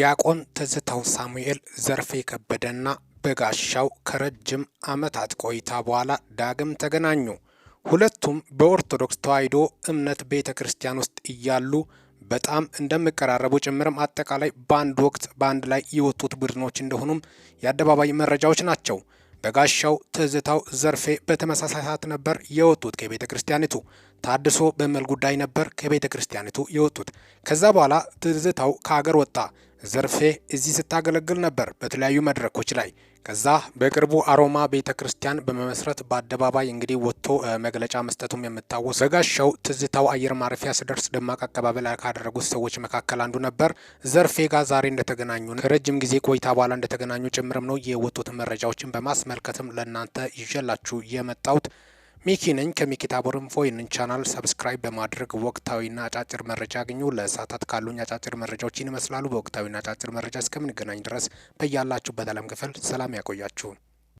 ዲያቆን ትዝታው ሳሙኤል ዘርፌ ከበደና በጋሻው ከረጅም ዓመታት ቆይታ በኋላ ዳግም ተገናኙ። ሁለቱም በኦርቶዶክስ ተዋሕዶ እምነት ቤተ ክርስቲያን ውስጥ እያሉ በጣም እንደሚቀራረቡ ጭምርም አጠቃላይ በአንድ ወቅት በአንድ ላይ የወጡት ቡድኖች እንደሆኑም የአደባባይ መረጃዎች ናቸው። በጋሻው ትዝታው ዘርፌ በተመሳሳይ ሰዓት ነበር የወጡት ከቤተ ክርስቲያኒቱ። ታድሶ በሚል ጉዳይ ነበር ከቤተ ክርስቲያኒቱ የወጡት። ከዛ በኋላ ትዝታው ከሀገር ወጣ። ዘርፌ እዚህ ስታገለግል ነበር በተለያዩ መድረኮች ላይ። ከዛ በቅርቡ አሮማ ቤተ ክርስቲያን በመመስረት በአደባባይ እንግዲህ ወጥቶ መግለጫ መስጠቱም የምታወስ ዘጋሸው ትዝታው አየር ማረፊያ ስደርስ ደማቅ አቀባበል ካደረጉት ሰዎች መካከል አንዱ ነበር። ዘርፌ ጋር ዛሬ እንደተገናኙ ከረጅም ጊዜ ቆይታ በኋላ እንደተገናኙ ጭምርም ነው የወጡት መረጃዎችን በማስመልከትም ለእናንተ ይዤላችሁ የመጣሁት። ሚኪ ነኝ ከሚኪታ ቦርንፎ። ይህንን ቻናል ሰብስክራይብ በማድረግ ወቅታዊና አጫጭር መረጃ ያገኙ። ለሰዓታት ካሉኝ አጫጭር መረጃዎች ይህን ይመስላሉ። በወቅታዊና አጫጭር መረጃ እስከምንገናኝ ድረስ በያላችሁበት ዓለም ክፍል ሰላም ያቆያችሁ።